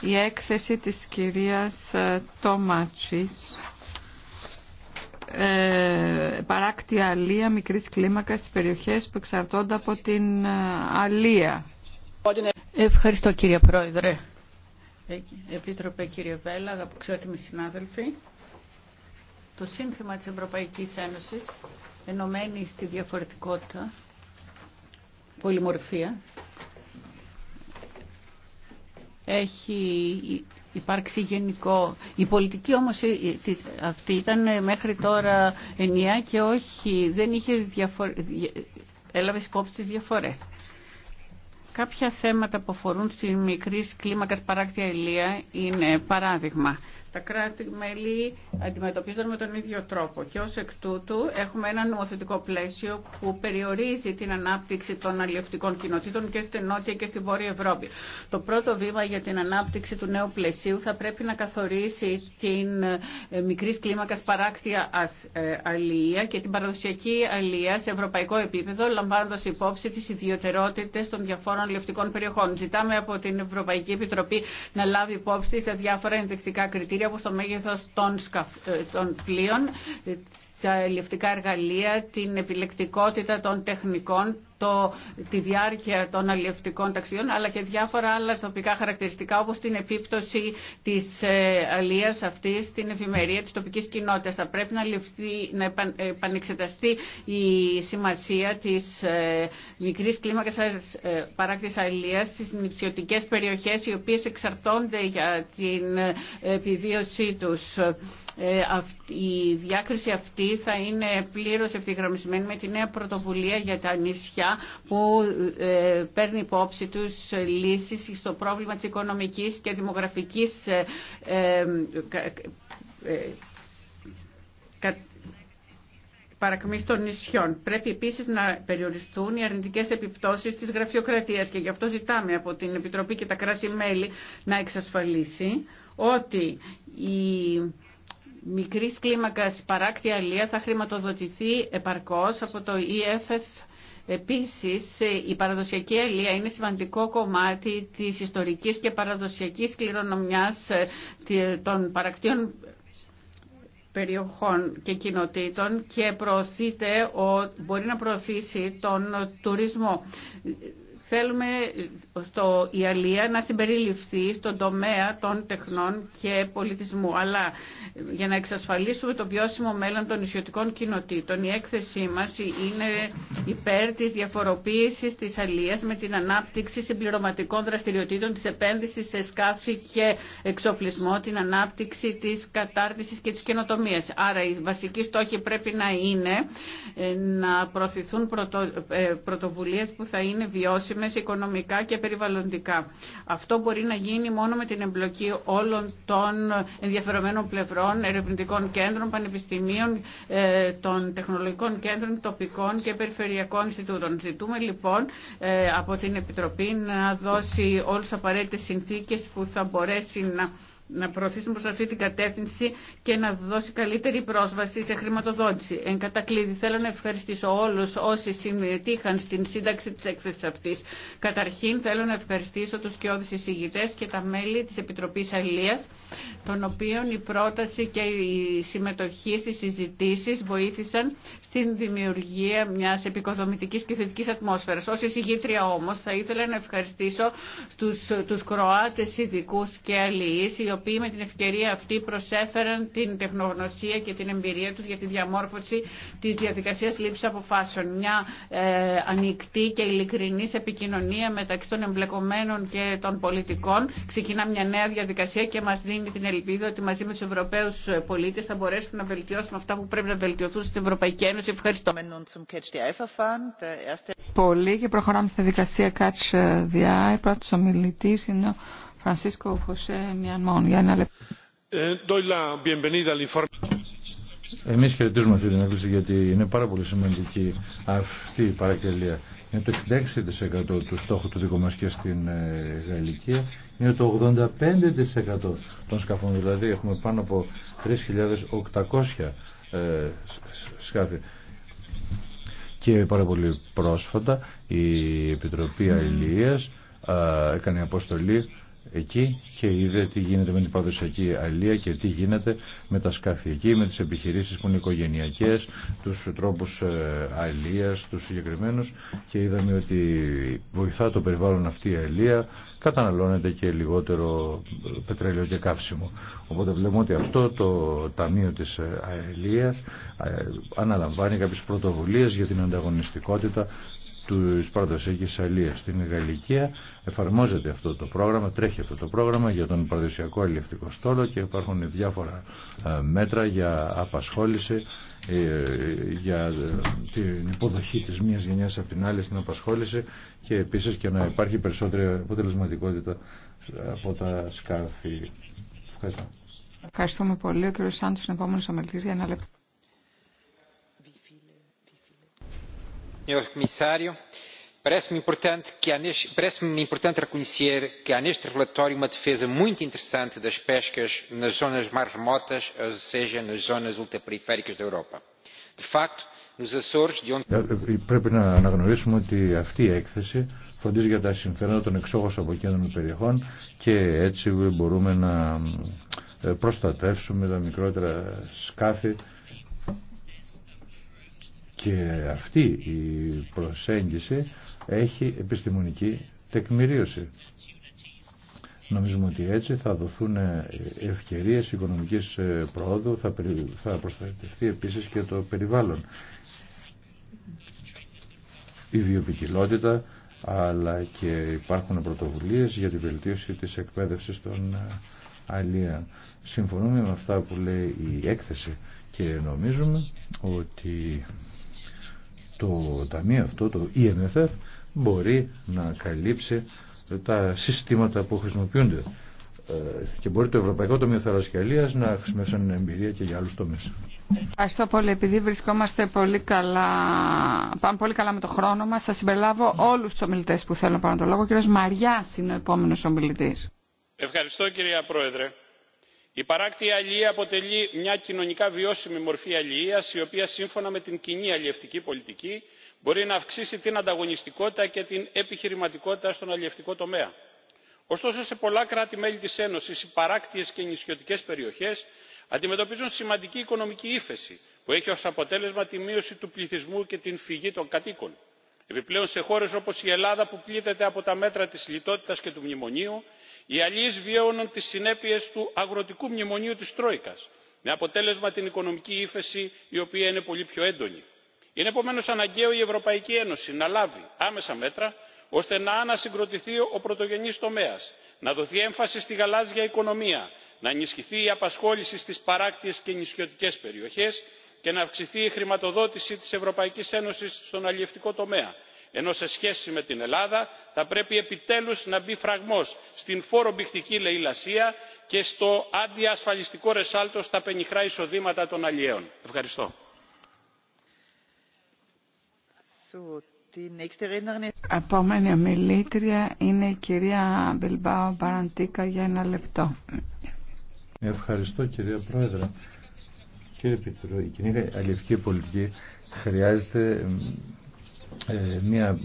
η έκθεση της κυρίας ε, Τόματσης ε, παράκτη αλία μικρής κλίμακας στις περιοχές που εξαρτώνται από την ε, αλία. Ευχαριστώ κύριε Πρόεδρε. Ε, Επίτροπε κύριε Βέλα, αγαπητοί συνάδελφοι. Το σύνθημα της Ευρωπαϊκής Ένωσης, ενωμένη στη διαφορετικότητα, πολυμορφία, έχει υπάρξει γενικό. Η πολιτική όμως ε, ε, αυτή ήταν ε, μέχρι τώρα ενιαία και όχι, δεν είχε έλαβε υπόψη τις διαφορές. Κάποια θέματα που αφορούν στη μικρή κλίμακα παράκτια ηλία είναι παράδειγμα. Τα κράτη-μέλη αντιμετωπίζονται με τον ίδιο τρόπο και ως εκ τούτου έχουμε ένα νομοθετικό πλαίσιο που περιορίζει την ανάπτυξη των αλληλευτικών κοινοτήτων και στην Νότια και στην Βόρεια Ευρώπη. Το πρώτο βήμα για την ανάπτυξη του νέου πλαισίου θα πρέπει να καθορίσει την ε, μικρή κλίμακα παράκτια ε, αλληλεία και την παραδοσιακή αλληλεία σε ευρωπαϊκό επίπεδο, λαμβάνοντα υπόψη τι ιδιωτερότητε των διαφόρων αλληλευτικών περιοχών. Ζητάμε από την Ευρωπαϊκή Επιτροπή να λάβει υπόψη τα διάφορα ενδεικτικά κριτήρια για όπως το μέγεθος των, ε, πλοίων, τα ελληνικά εργαλεία, την επιλεκτικότητα των τεχνικών, το, τη διάρκεια των αλλιευτικών ταξιδιών αλλά και διάφορα άλλα τοπικά χαρακτηριστικά όπως την επίπτωση της ε, αλίας αυτή, στην ευημερία της τοπικής κοινότητας. Θα πρέπει να, ληφθεί, να επανεξεταστεί η σημασία της ε, μικρής κλίμακας ε, παράκτης αλίας στις νησιωτικές περιοχές οι οποίες εξαρτώνται για την επιβίωσή τους. Η διάκριση αυτή θα είναι πλήρως ευθυγραμμισμένη με τη νέα πρωτοβουλία για τα νησιά Πού που ε, παίρνει υπόψη τους λύσεις στο πρόβλημα της οικονομικής και δημογραφικής ε, ε, παρακμής των νησιών. Πρέπει επίσης να περιοριστούν οι αρνητικές επιπτώσεις της γραφειοκρατίας και γι' αυτό ζητάμε από την Επιτροπή και τα κράτη-μέλη να εξασφαλίσει ότι η μικρής κλίμακας παράκτη αλία θα χρηματοδοτηθεί επαρκώς από το EFF Επίσης, η παραδοσιακή αλία είναι σημαντικό κομμάτι της ιστορικής και παραδοσιακής κληρονομιάς ε, των παρακτήων περιοχών και κοινοτήτων και προωθείται, μπορεί να προωθήσει τον τουρισμό. Θέλουμε στο, η Αλία να συμπεριληφθεί στον τομέα των τεχνών και πολιτισμού. Αλλά για να εξασφαλίσουμε το βιώσιμο μέλλον των νησιωτικών κοινοτήτων, η έκθεσή μας είναι υπέρ της διαφοροποίησης της Αλίας με την ανάπτυξη συμπληρωματικών δραστηριοτήτων, της επένδυσης σε σκάφη και εξοπλισμό, την ανάπτυξη της κατάρτισης και της καινοτομίας. Άρα οι βασικοί στόχοι πρέπει να είναι ε, να προωθηθούν ε, πρωτοβουλίες που θα είναι βιώσιμες μέσα οικονομικά και περιβαλλοντικά. Αυτό μπορεί να γίνει μόνο με την εμπλοκή όλων των ενδιαφερομένων πλευρών, ερευνητικών κέντρων, πανεπιστημίων, ε, των τεχνολογικών κέντρων, τοπικών και περιφερειακών Ινστιτούτων. Ζητούμε λοιπόν ε, από την Επιτροπή να δώσει τις απαραίτητες συνθήκες που θα μπορέσει να να προωθήσουν προς αυτή την κατεύθυνση και να δώσει καλύτερη πρόσβαση σε χρηματοδότηση. Εν κατακλείδη θέλω να ευχαριστήσω όλους όσοι συμμετείχαν στην σύνταξη της έκθεσης αυτής. Καταρχήν θέλω να ευχαριστήσω τους κοιόδης εισηγητές και τα μέλη της Επιτροπής Αλίας, των οποίων η πρόταση και η συμμετοχή στις συζητήσεις βοήθησαν στην δημιουργία μιας επικοδομητικής και θετικής ατμόσφαιρας. Ως εισηγήτρια όμως θα ήθελα να ευχαριστήσω τους, τους Κροάτες ειδικού και αλληλείς, οποίοι με την ευκαιρία αυτή προσέφεραν την τεχνογνωσία και την εμπειρία τους για τη διαμόρφωση της διαδικασίας λήψης αποφάσεων. Μια ε, ανοιχτή και ειλικρινή επικοινωνία μεταξύ των εμπλεκομένων και των πολιτικών ξεκινά μια νέα διαδικασία και μας δίνει την ελπίδα ότι μαζί με τους Ευρωπαίους πολίτες θα μπορέσουμε να βελτιώσουμε αυτά που πρέπει να βελτιωθούν στην Ευρωπαϊκή Ένωση. Ευχαριστώ. Πολύ και προχωράμε στη δικασία Catch the Eye. Πρώτος είναι ο Φρανσίσκο Χωσέ Μιανμόν. Για ένα λεπτό. Ε, Εμείς χαιρετίζουμε αυτή την έκκληση γιατί είναι πάρα πολύ σημαντική αυτή η παραγγελία. Είναι το 66% του στόχου του δικού μας και στην ε, Γαλλική. Είναι το 85% των σκαφών. Δηλαδή έχουμε πάνω από 3.800 ε, σκάφη. Και πάρα πολύ πρόσφατα η Επιτροπή Αλληλείας έκανε αποστολή εκεί και είδε τι γίνεται με την παραδοσιακή αλληλεία και τι γίνεται με τα σκάφη εκεί, με τις επιχειρήσεις που είναι οικογενειακές, τους τρόπους ε, αλληλείας, τους συγκεκριμένου, και είδαμε ότι βοηθά το περιβάλλον αυτή η αλληλεία, καταναλώνεται και λιγότερο ε, πετρέλαιο και καύσιμο. Οπότε βλέπουμε ότι αυτό το Ταμείο της ε, Αελίας αναλαμβάνει κάποιες πρωτοβουλίες για την ανταγωνιστικότητα του παραδοσιακής σαλία στην Γαλλικία εφαρμόζεται αυτό το πρόγραμμα, τρέχει αυτό το πρόγραμμα για τον παραδοσιακό αλληλευτικό στόλο και υπάρχουν διάφορα ε, μέτρα για απασχόληση ε, για την υποδοχή της μίας γενιάς από την άλλη στην απασχόληση και επίσης και να υπάρχει περισσότερη αποτελεσματικότητα από τα σκάφη. Ευχαριστούμε πολύ. Ο κύριος Σάντος είναι επόμενος ομιλητής για ένα λεπτό. senhor comissário parece me importante reconhecer que há neste relatório uma defesa muito interessante das pescas nas zonas mais remotas ou seja nas zonas ultraperiféricas da Europa. De facto, nos Açores, de onde... Πρέπει να αναγνωρίσουμε ότι αυτή η έκθεση φροντίζει για τα συμφέροντα των εξόχως αποκέντρων περιοχών και έτσι μπορούμε να προστατεύσουμε τα μικρότερα σκάφη και αυτή η προσέγγιση έχει επιστημονική τεκμηρίωση. Νομίζουμε ότι έτσι θα δοθούν ευκαιρίες οικονομικής ε, προόδου, θα προστατευτεί επίσης και το περιβάλλον. Η βιοποικιλότητα, αλλά και υπάρχουν πρωτοβουλίες για τη βελτίωση της εκπαίδευσης των ε, αλλία. Συμφωνούμε με αυτά που λέει η έκθεση και νομίζουμε ότι το ταμείο αυτό, το EMFF, μπορεί να καλύψει τα συστήματα που χρησιμοποιούνται ε, και μπορεί το Ευρωπαϊκό Ταμείο Θερασκελίας να χρησιμεύσει εμπειρία και για άλλους τομείς. Ευχαριστώ πολύ. Επειδή βρισκόμαστε πολύ καλά, πάμε πολύ καλά με το χρόνο μας, θα συμπεριλάβω όλους τους ομιλητέ που θέλουν πάρουν το λόγο. Ο κ. Μαριά είναι ο επόμενο ομιλητή. Ευχαριστώ κυρία Πρόεδρε η παράκτη αλληλεία αποτελεί μια κοινωνικά βιώσιμη μορφή αλληλείας η οποία σύμφωνα με την κοινή αλλιευτική πολιτική μπορεί να αυξήσει την ανταγωνιστικότητα και την επιχειρηματικότητα στον αλλιευτικό τομέα. ωστόσο σε πολλά κράτη μέλη της ένωσης οι παράκτιες και νησιωτικές περιοχές αντιμετωπίζουν σημαντική οικονομική ύφεση που έχει ως αποτέλεσμα τη μείωση του πληθυσμού και την φυγή των κατοίκων. επιπλέον σε χώρες όπως η ελλάδα που πλήττεται από τα μέτρα της λιτότητας και του μνημονίου οι αλλοίς βιώνουν τις συνέπειες του αγροτικού μνημονίου της τρόικας με αποτέλεσμα την οικονομική ύφεση η οποία είναι πολύ πιο έντονη. είναι επομένως αναγκαίο η ευρωπαϊκή ένωση να λάβει άμεσα μέτρα ώστε να ανασυγκροτηθεί ο πρωτογενής τομέας να δοθεί έμφαση στη γαλάζια οικονομία να ενισχυθεί η απασχόληση στις παράκτιες και νησιωτικές περιοχές και να αυξηθεί η χρηματοδότηση της ευρωπαϊκής ένωσης στον αλλιευτικό τομέα ενώ σε σχέση με την ελλάδα θα πρέπει επιτέλους να μπει φραγμός στην φορομπηχτική λαιλασία και στο αντιασφαλιστικό ρεσάλτο στα πενιχρά εισοδήματα των αλλιέων. ευχαριστώ. Επόμενη ομιλήτρια είναι η κυρία Μπιλμπάου Παραντίκα για ένα λεπτό. Ευχαριστώ κυρία Πρόεδρε. Κύριε Πιτρό, η κοινή αλληλευτική πολιτική χρειάζεται ε, μια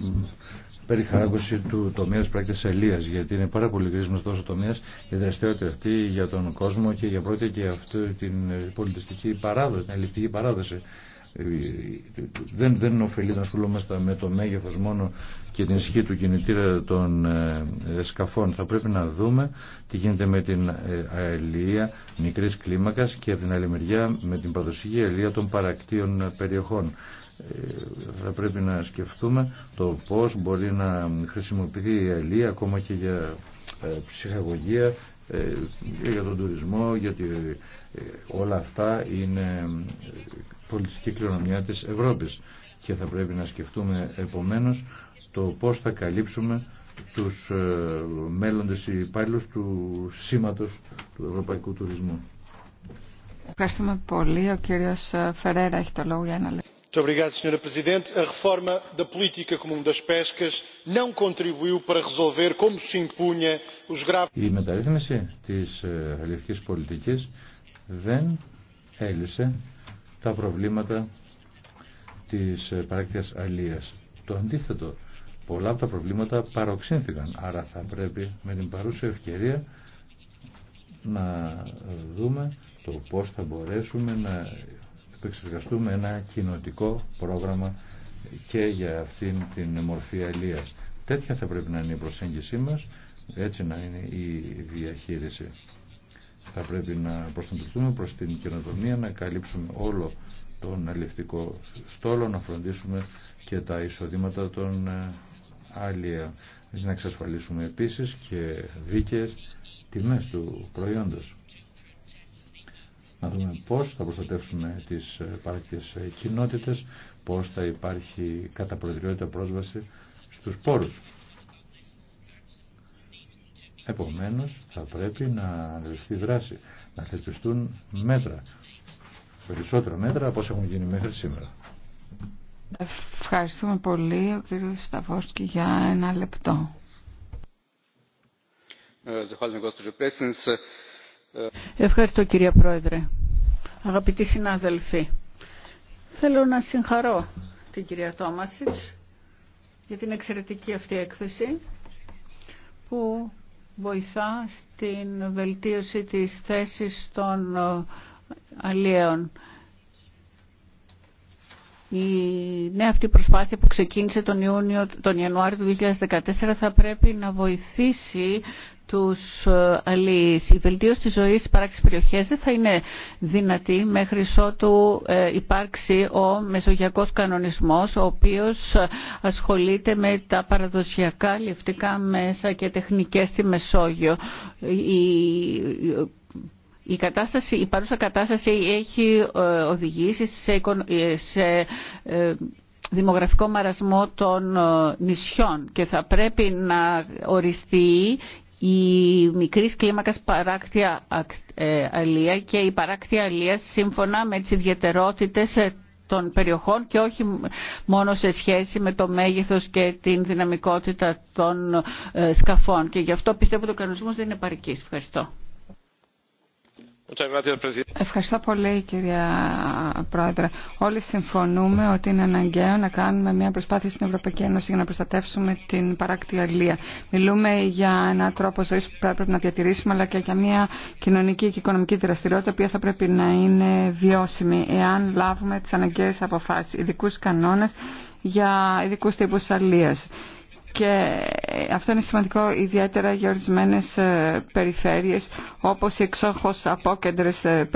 περιχαράγωση του τομέα πράκτη πράκτης γιατί είναι πάρα πολύ κρίσιμο αυτός ο τομέα, η δραστηριότητα αυτή για τον κόσμο και για πρώτη και αυτή την ε, πολιτιστική παράδοση, την ελληνική παράδοση ε, δεν, δεν ωφελεί να ασχολούμαστε με το μέγεθο μόνο και την ισχύ του κινητήρα των σκαφών. Θα πρέπει να δούμε τι γίνεται με την αελία μικρή κλίμακα και από την άλλη μεριά με την παραδοσιακή αελία των παρακτήων περιοχών. Ε, θα πρέπει να σκεφτούμε το πώς μπορεί να χρησιμοποιηθεί η αιλία e, ακόμα και για ε, ψυχαγωγία ε, για τον τουρισμό γιατί όλα αυτά είναι πολιτική κληρονομιά της Ευρώπης και θα πρέπει να σκεφτούμε επομένως το πώς θα καλύψουμε τους μέλλοντες υπάλληλου του σήματος του ευρωπαϊκού τουρισμού. Ευχαριστούμε πολύ. Ο κύριος Φερέρα έχει το λόγο για ένα senhora Η μεταρρύθμιση της ε, αλληλευτικής πολιτικής δεν έλυσε τα προβλήματα της ε, παράκτειας αλίας. Το αντίθετο, πολλά από τα προβλήματα παροξύνθηκαν, άρα θα πρέπει με την παρούσα ευκαιρία να ε, δούμε το πώς θα μπορέσουμε να επεξεργαστούμε ένα κοινοτικό πρόγραμμα και για αυτήν την μορφή αλίας. Τέτοια θα πρέπει να είναι η προσέγγιση μας, έτσι να είναι η διαχείριση. Θα πρέπει να προστατευτούμε προς την κοινοτομία να καλύψουμε όλο τον αλληλευτικό στόλο, να φροντίσουμε και τα εισοδήματα των άλλων, ε, Να εξασφαλίσουμε επίσης και δίκαιες τιμές του προϊόντος να δούμε πώς θα προστατεύσουμε τις ε, παρακτικές ε, κοινότητες, πώς θα υπάρχει κατά προτεραιότητα πρόσβαση στους πόρους. Επομένως θα πρέπει να αναλυθεί δράση, να θεσπιστούν μέτρα, περισσότερα μέτρα από όσα έχουν γίνει μέχρι σήμερα. Ευχαριστούμε πολύ ο κύριος Σταφόσκη, για ένα λεπτό. Ε, Ευχαριστώ κυρία Πρόεδρε. Αγαπητοί συνάδελφοι, θέλω να συγχαρώ την κυρία Τόμασιτς για την εξαιρετική αυτή έκθεση που βοηθά στην βελτίωση της θέσης των ε, αλλιέων η νέα αυτή προσπάθεια που ξεκίνησε τον, Ιούνιο, τον Ιανουάριο του 2014 θα πρέπει να βοηθήσει τους ε, αλληλείς. Η βελτίωση της ζωής στις παράξεις περιοχές δεν θα είναι δυνατή μέχρι ότου ε, υπάρξει ο μεσογειακός κανονισμός ο οποίος ασχολείται με τα παραδοσιακά λευτικά μέσα και τεχνικές στη Μεσόγειο. Η η, κατάσταση, η παρούσα κατάσταση έχει ε, οδηγήσει σε, ε, ε, δημογραφικό μαρασμό των νησιών και θα πρέπει να οριστεί η μικρή κλίμακα παράκτια αλία και η παράκτια αλία σύμφωνα με τις ιδιαιτερότητες των περιοχών και όχι μόνο σε σχέση με το μέγεθος και την δυναμικότητα των σκαφών. Και γι' αυτό πιστεύω ότι ο κανονισμός δεν είναι παρικής. Ευχαριστώ. Ευχαριστώ πολύ κυρία Πρόεδρε. Όλοι συμφωνούμε ότι είναι αναγκαίο να κάνουμε μια προσπάθεια στην Ευρωπαϊκή Ένωση για να προστατεύσουμε την παράκτη αλληλεία. Μιλούμε για έναν τρόπο ζωή που πρέπει να διατηρήσουμε αλλά και για μια κοινωνική και οικονομική δραστηριότητα που θα πρέπει να είναι βιώσιμη εάν λάβουμε τι αναγκαίε αποφάσει, ειδικού κανόνε για ειδικού τύπου αλληλεία. Και αυτό είναι σημαντικό ιδιαίτερα για ορισμένε ε, περιφέρειες όπως οι από κέντρες ε,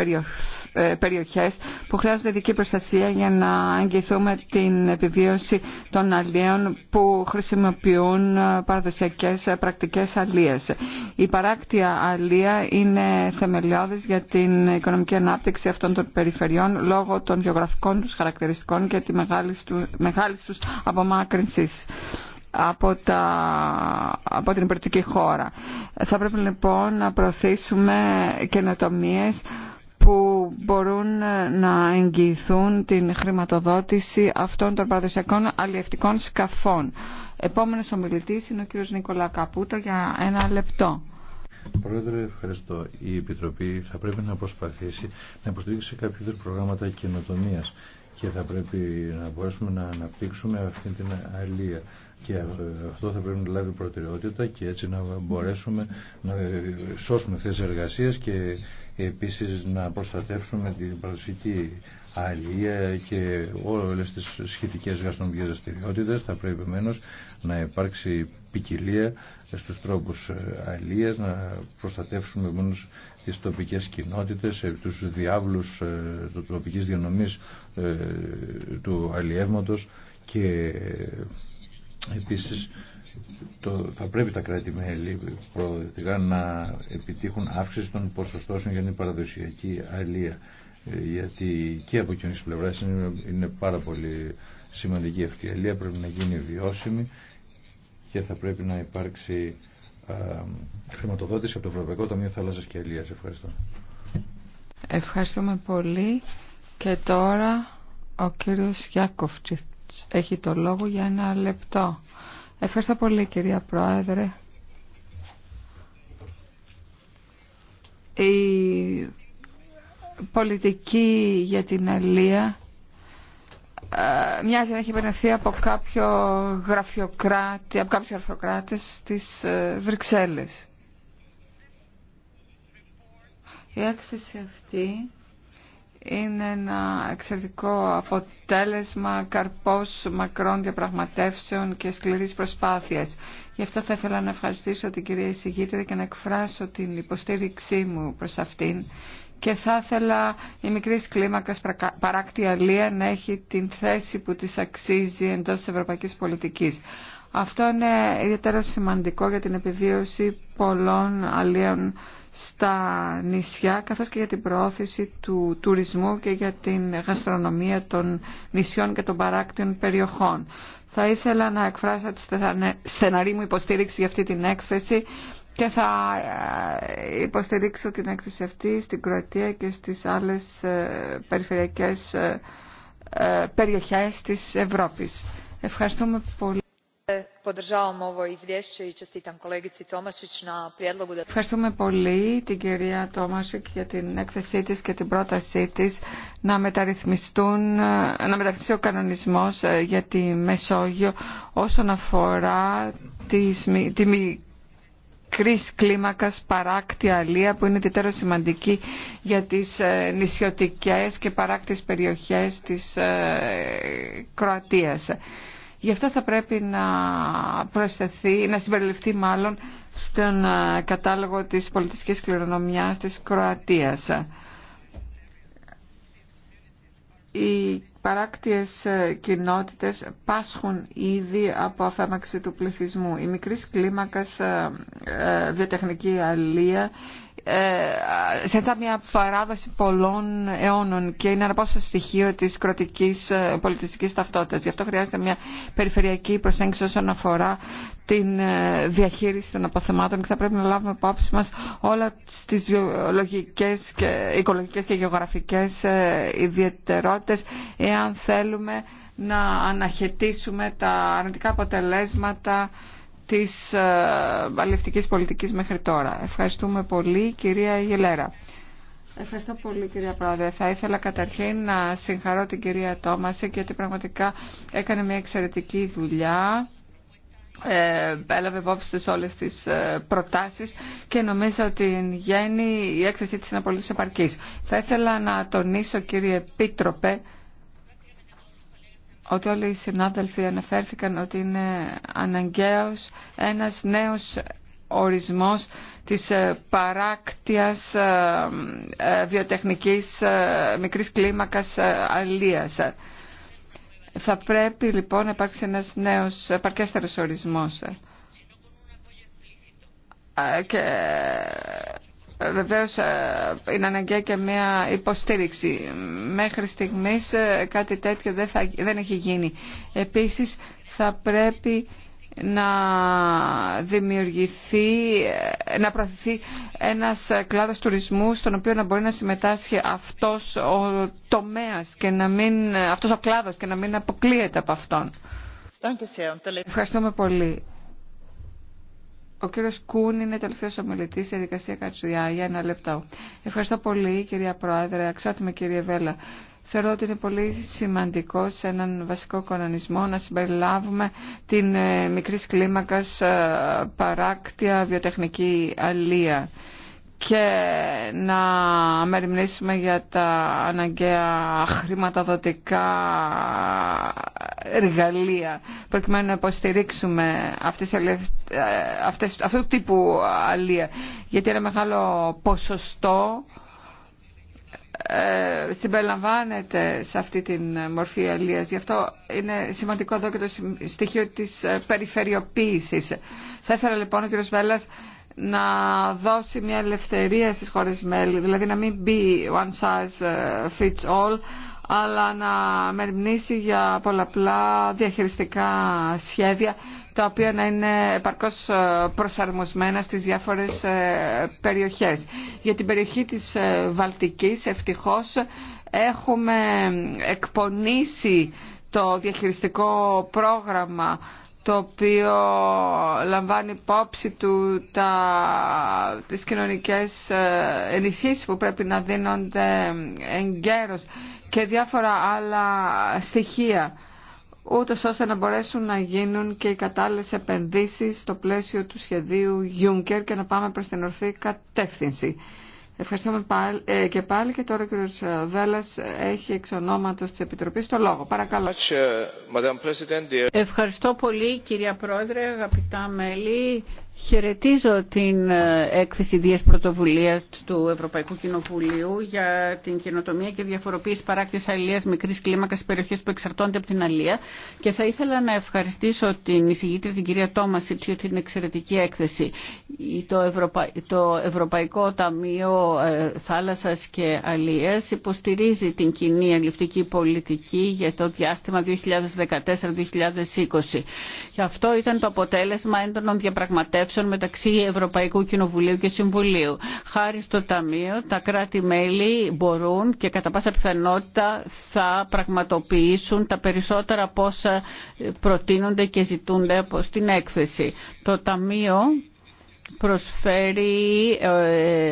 ε, περιοχές που χρειάζονται ειδική προστασία για να αγγιθούμε την επιβίωση των αλλιέων που χρησιμοποιούν παραδοσιακές πρακτικές αλλίες. Η παράκτια αλλία είναι θεμελιώδης για την οικονομική ανάπτυξη αυτών των περιφερειών λόγω των γεωγραφικών τους χαρακτηριστικών και τη μεγάλη τους απομάκρυνσης από, τα, από την υπηρετική χώρα. Θα πρέπει λοιπόν να προωθήσουμε καινοτομίε που μπορούν να εγγυηθούν την χρηματοδότηση αυτών των παραδοσιακών αλλιευτικών σκαφών. Επόμενος ομιλητής είναι ο κύριος Νικολά Καπούτο για ένα λεπτό. Πρόεδρε, ευχαριστώ. Η Επιτροπή θα πρέπει να προσπαθήσει να υποστηρίξει κάποιο προγράμματα καινοτομία και θα πρέπει να μπορέσουμε να αναπτύξουμε αυτή την αλλήλεια. Και αυτό θα πρέπει να λάβει προτεραιότητα και έτσι να μπορέσουμε να σώσουμε θέσεις εργασίας και επίσης να προστατεύσουμε την παραδοσιακή αλληλεία και όλες τις σχετικές γαστρονομικές δραστηριότητε. Θα πρέπει επομένως να υπάρξει ποικιλία στους τρόπους ε, αλληλεία, να προστατεύσουμε μόνο τις τοπικές κοινότητες, ε, τους διάβλους ε, του τοπικής διανομής του αλλιεύματος και επίσης το, θα πρέπει τα κράτη-μέλη προοδευτικά να επιτύχουν αύξηση των ποσοστώσεων για την παραδοσιακή αλία γιατί και από κοινή πλευρά είναι πάρα πολύ σημαντική ευκαιρία. πρέπει να γίνει βιώσιμη και θα πρέπει να υπάρξει χρηματοδότηση από το Ευρωπαϊκό Ταμείο Θάλασσας και Ελίας. Ευχαριστώ. Ευχαριστούμε πολύ και τώρα ο κύριος Γιάκοφτσιτς έχει το λόγο για ένα λεπτό. Ευχαριστώ πολύ κυρία Πρόεδρε πολιτική για την Αλία ε, μοιάζει να έχει επενεθεί από κάποιο γραφειοκράτη, από κάποιους γραφειοκράτες στις ε, Βρυξέλλες. Η έκθεση αυτή είναι ένα εξαιρετικό αποτέλεσμα καρπός μακρών διαπραγματεύσεων και σκληρής προσπάθειας. Γι' αυτό θα ήθελα να ευχαριστήσω την κυρία εισηγήτρια και να εκφράσω την υποστήριξή μου προς αυτήν και θα ήθελα η μικρή κλίμακα παράκτη αλία να έχει την θέση που της αξίζει εντός της ευρωπαϊκής πολιτικής. Αυτό είναι ιδιαίτερα σημαντικό για την επιβίωση πολλών αλλίων στα νησιά καθώς και για την προώθηση του τουρισμού και για την γαστρονομία των νησιών και των παράκτιων περιοχών. Θα ήθελα να εκφράσω τη στεναρή μου υποστήριξη για αυτή την έκθεση και θα ε, υποστηρίξω την έκθεση αυτή στην Κροατία και στις άλλες ε, περιφερειακές ε, περιοχές της Ευρώπης. Ευχαριστούμε πολύ. Ευχαριστούμε πολύ την κυρία Τόμασικ για την έκθεσή της και την πρότασή της να, μεταρρυθμιστούν, να μεταρρυθμιστεί ο κανονισμός για τη Μεσόγειο όσον αφορά τη, τη μικρής κλίμακας παράκτη αλία που είναι ιδιαίτερα σημαντική για τις ε, νησιωτικές και παράκτιες περιοχές της ε, Κροατίας. Γι' αυτό θα πρέπει να προσθεθεί, να συμπεριληφθεί μάλλον στον ε, κατάλογο της πολιτιστικής κληρονομιάς της Κροατίας οι παράκτιες ε, κοινότητες πάσχουν ήδη από αφέμαξη του πληθυσμού. Η μικρή κλίμακας ε, ε, βιοτεχνική αλία ε, σε αυτά μια παράδοση πολλών αιώνων και είναι αναπόσπαστο στοιχείο της κροτικής ε, πολιτιστικής ταυτότητας. Γι' αυτό χρειάζεται μια περιφερειακή προσέγγιση όσον αφορά την ε, διαχείριση των αποθεμάτων και θα πρέπει να λάβουμε υπόψη μας όλα τις βιολογικές και οικολογικές και γεωγραφικές ιδιαιτερότητες εάν θέλουμε να αναχαιτήσουμε τα αρνητικά αποτελέσματα της ε, αλληλευτικής πολιτικής μέχρι τώρα. Ευχαριστούμε πολύ κυρία Γελέρα. Ευχαριστώ πολύ κυρία Πρόεδρε. Θα ήθελα καταρχήν να συγχαρώ την κυρία Τόμαση γιατί πραγματικά έκανε μια εξαιρετική δουλειά. Ε, έλαβε υπόψη της όλες τις ε, προτάσεις και νομίζω ότι γέννη η έκθεσή της είναι πολύ επαρκής. Θα ήθελα να τονίσω κύριε Πίτροπε, ότι όλοι οι συνάδελφοι αναφέρθηκαν ότι είναι αναγκαίος ένας νέος ορισμός της ε, παράκτιας ε, ε, βιοτεχνικής μικρής κλίμακας αλίας. Θα πρέπει λοιπόν να υπάρξει ένας νέος παρκέστερος ορισμός. Βεβαίως ε, είναι αναγκαία και μια υποστήριξη. Μέχρι στιγμής ε, κάτι τέτοιο δεν, δεν έχει γίνει. Επίσης θα πρέπει να δημιουργηθεί, ε, να προωθηθεί ένας κλάδος τουρισμού στον οποίο να μπορεί να συμμετάσχει αυτός ο τομέας και να μην, αυτός ο κλάδος και να μην αποκλείεται από αυτόν. Ευχαριστούμε πολύ. Ο κύριο Κούν είναι τελευταίο ομιλητή στη διαδικασία Κατσουδιά για ένα λεπτό. Ευχαριστώ πολύ, κυρία Πρόεδρε. Αξιότιμη κύριε Βέλα. Θεωρώ ότι είναι πολύ σημαντικό σε έναν βασικό κανονισμό να συμπεριλάβουμε την ε, μικρής κλίμακας ε, παράκτια βιοτεχνική αλία και να μεριμνήσουμε για τα αναγκαία χρηματοδοτικά εργαλεία προκειμένου να υποστηρίξουμε ε, αυτού του τύπου αλεία γιατί ένα μεγάλο ποσοστό ε, συμπεριλαμβάνεται σε αυτή την μορφή αλίας. Γι' αυτό είναι σημαντικό εδώ και το στοιχείο της ε, περιφερειοποίησης. Θα ήθελα λοιπόν ο κ. Βέλλας να δώσει μια ελευθερία στις χώρες μέλη, δηλαδή να μην μπει one size ε, fits all, αλλά να μερμνήσει για πολλαπλά διαχειριστικά σχέδια, τα οποία να είναι επαρκώς ε, προσαρμοσμένα στις διάφορες ε, περιοχές. Για την περιοχή της Βαλτικής, ευτυχώς, έχουμε εκπονήσει το διαχειριστικό πρόγραμμα το οποίο λαμβάνει υπόψη του τα, τις κοινωνικές ε, ενισχύσεις που πρέπει να δίνονται εγκαίρως και διάφορα άλλα στοιχεία ούτω ώστε να μπορέσουν να γίνουν και οι κατάλληλες επενδύσεις στο πλαίσιο του σχεδίου Juncker και να πάμε προς την ορθή κατεύθυνση. Ευχαριστούμε ε, και πάλι και τώρα ο κ. Ε, Βέλλας έχει εξ ονόματος της Επιτροπής το λόγο. Παρακαλώ. Ευχαριστώ πολύ κυρία Πρόεδρε, αγαπητά μέλη. Χαιρετίζω την ε, έκθεση Δίας Πρωτοβουλίας του Ευρωπαϊκού Κοινοβουλίου για την καινοτομία και διαφοροποίηση παράκτης αλληλείας μικρής κλίμακας περιοχές που εξαρτώνται από την αλλία και θα ήθελα να ευχαριστήσω την εισηγήτρια την κυρία Τόμασιτς για την εξαιρετική έκθεση. Το, Ευρωπα... το Ευρωπαϊκό Ταμείο ε, Θάλασσας και Αλληλείας υποστηρίζει την κοινή αλληλευτική πολιτική για το διάστημα 2014-2020. Και αυτό ήταν το αποτέλεσμα έντονων διαπραγματεύσεων μεταξύ Ευρωπαϊκού Κοινοβουλίου και Συμβουλίου. Χάρη στο Ταμείο, τα κράτη-μέλη μπορούν και κατά πάσα πιθανότητα θα πραγματοποιήσουν τα περισσότερα από όσα προτείνονται και ζητούνται στην έκθεση. Το Ταμείο προσφέρει ε,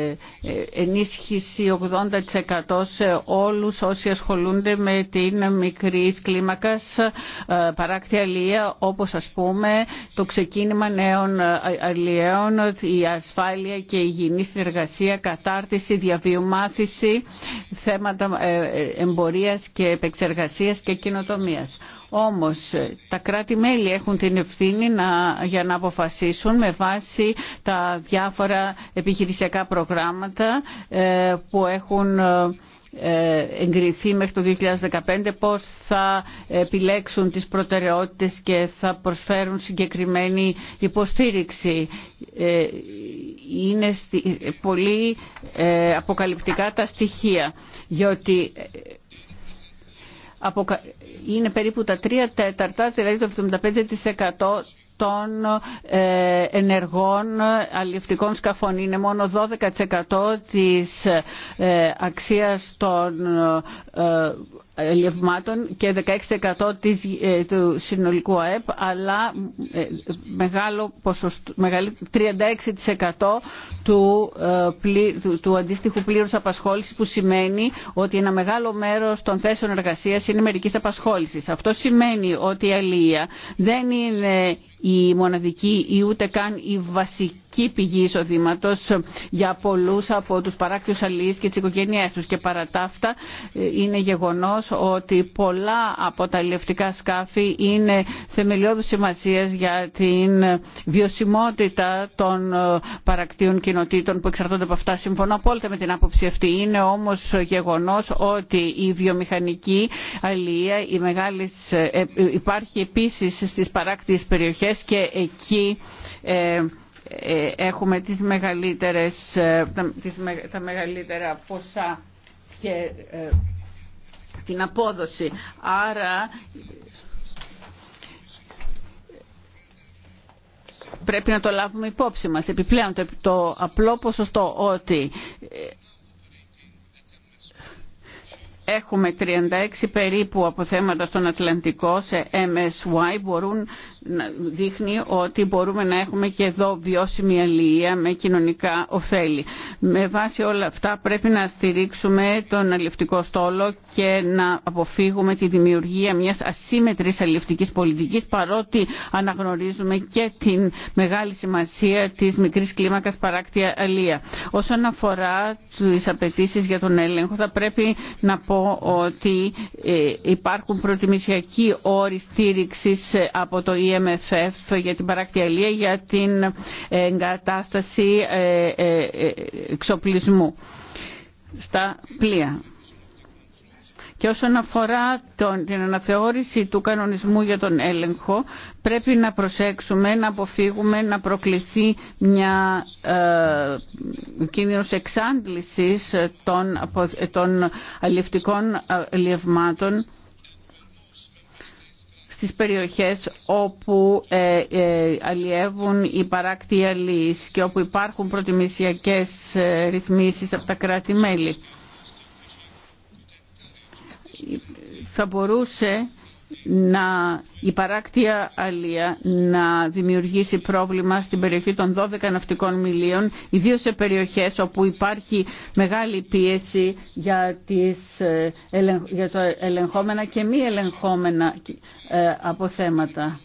ε, ενίσχυση 80% σε όλους όσοι ασχολούνται με την μικρή κλίμακα ε, παράκτη αλληλεία, όπως ας πούμε το ξεκίνημα νέων αλλιέων, η ασφάλεια και η υγιεινή συνεργασία, κατάρτιση, διαβιομάθηση, θέματα εμπορίας και επεξεργασίας και κοινοτομίας. Όμως τα κράτη-μέλη έχουν την ευθύνη να, για να αποφασίσουν με βάση τα διάφορα επιχειρησιακά προγράμματα ε, που έχουν ε, εγκριθεί μέχρι το 2015 πώς θα επιλέξουν τις προτεραιότητες και θα προσφέρουν συγκεκριμένη υποστήριξη. Ε, είναι πολύ αποκαλυπτικά τα στοιχεία, διότι είναι περίπου τα 3 τέταρτα, δηλαδή το 75% των ε, ενεργών αλληλευτικών σκαφών. Είναι μόνο 12% της ε, αξίας των ε, ελευμάτων και 16% ε, του συνολικού ΑΕΠ, αλλά ε, μεγάλο ποσοστό, 36% ε, του, του αντίστοιχου πλήρους απασχόλησης που σημαίνει ότι ένα μεγάλο μέρος των θέσεων εργασίας είναι μερικής απασχόλησης. Αυτό σημαίνει ότι η αλληλεία δεν είναι η μοναδική ή ούτε καν η βασική βασική πηγή εισοδήματο για πολλού από του παράκτιου αλληλεί και τι οικογένειέ του. Και παρά τα αυτά, ε, είναι γεγονό ότι πολλά από τα αλληλευτικά σκάφη είναι θεμελιώδου σημασία για την βιωσιμότητα των ε, παρακτίων κοινοτήτων που εξαρτώνται από αυτά. Συμφωνώ απόλυτα με την άποψη αυτή. Είναι όμω γεγονό ότι η βιομηχανική αλληλεία η μεγάλη, ε, υπάρχει επίση στι παράκτιε περιοχέ και εκεί. Ε, ε, έχουμε τις μεγαλύτερες, ε, τα, μεγαλύτερα ποσά και ε, την απόδοση. Άρα πρέπει να το λάβουμε υπόψη μας. Επιπλέον το, το απλό ποσοστό ότι έχουμε 36 περίπου αποθέματα στον Ατλαντικό σε MSY μπορούν δείχνει ότι μπορούμε να έχουμε και εδώ βιώσιμη αλληλεία με κοινωνικά ωφέλη. Με βάση όλα αυτά πρέπει να στηρίξουμε τον αλληλευτικό στόλο και να αποφύγουμε τη δημιουργία μιας ασύμετρης αλληλευτικής πολιτικής παρότι αναγνωρίζουμε και την μεγάλη σημασία της μικρής κλίμακας παράκτια αλληλεία. Όσον αφορά τις απαιτήσει για τον έλεγχο θα πρέπει να πω ότι ε, υπάρχουν προτιμησιακοί όροι στήριξης από το για την παρακτιαλία, για την εγκατάσταση ε, ε, ε, εξοπλισμού στα πλοία. Και όσον αφορά τον, την αναθεώρηση του κανονισμού για τον έλεγχο, πρέπει να προσέξουμε, να αποφύγουμε, να προκληθεί μια ε, κίνδυνος εξάντλησης των, των αλληλευτικών στις περιοχές όπου ε, ε, αλλιεύουν οι παράκτη αλληλείς και όπου υπάρχουν προτιμησιακές ε, ρυθμίσεις από τα κράτη-μέλη. Θα μπορούσε να η παράκτια αλία να δημιουργήσει πρόβλημα στην περιοχή των 12 ναυτικών μιλίων, ιδίως σε περιοχές όπου υπάρχει μεγάλη πίεση για, τις, ε, για τα ελεγχόμενα και μη ελεγχόμενα ε, αποθέματα.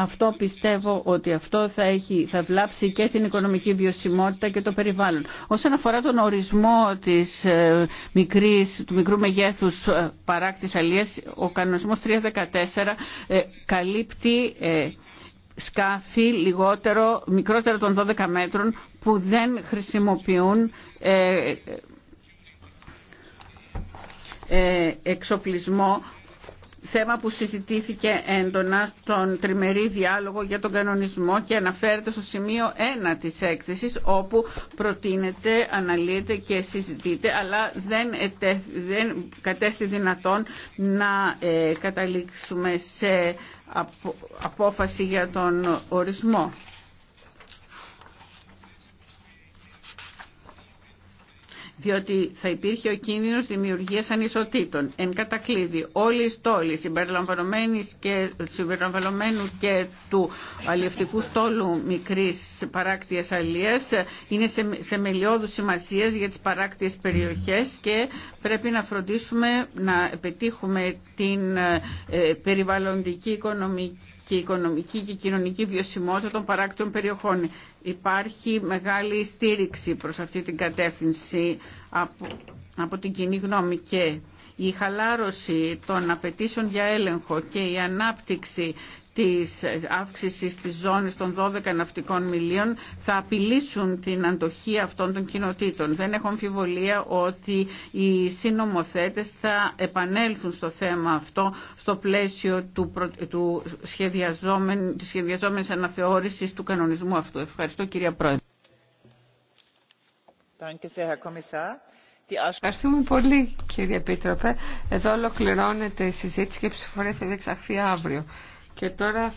Αυτό πιστεύω ότι αυτό θα, έχει, θα βλάψει και την οικονομική βιωσιμότητα και το περιβάλλον. Όσον αφορά τον ορισμό της, ε, μικρής, του μικρού μεγέθους ε, παράκτης αλίας, ο κανονισμός 314 ε, καλύπτει σκάφη λιγότερο, μικρότερο των 12 μέτρων που δεν χρησιμοποιούν εξοπλισμό θέμα που συζητήθηκε έντονα στον τριμερή διάλογο για τον κανονισμό και αναφέρεται στο σημείο 1 της έκθεσης όπου προτείνεται, αναλύεται και συζητείται αλλά δεν, δεν κατέστη δυνατόν να ε, καταλήξουμε σε απόφαση για τον ορισμό. διότι θα υπήρχε ο κίνδυνος δημιουργίας ανισοτήτων. Εν κατακλείδη, όλοι οι στόλοι συμπεριλαμβανομένου και του αλλιευτικού στόλου μικρής παράκτιας αλλίας είναι σε θεμελιώδους σημασίας για τις παράκτιες περιοχές και πρέπει να φροντίσουμε να πετύχουμε την ε, περιβαλλοντική οικονομική και οικονομική και κοινωνική βιωσιμότητα των παράκτων περιοχών. Υπάρχει μεγάλη στήριξη προς αυτή την κατεύθυνση από, από την κοινή γνώμη και η χαλάρωση των απαιτήσεων για έλεγχο και η ανάπτυξη της αύξησης της ζώνης των 12 ναυτικών μιλίων θα απειλήσουν την αντοχή αυτών των κοινοτήτων. Δεν έχω αμφιβολία ότι οι συνομοθέτες θα επανέλθουν στο θέμα αυτό στο πλαίσιο του, του σχεδιαζόμενης αναθεώρησης του κανονισμού αυτού. Ευχαριστώ κυρία Πρόεδρε. Ευχαριστούμε πολύ κύριε Επίτροπε. Εδώ ολοκληρώνεται η συζήτηση και η ψηφορία θα διεξαχθεί αύριο. Και τώρα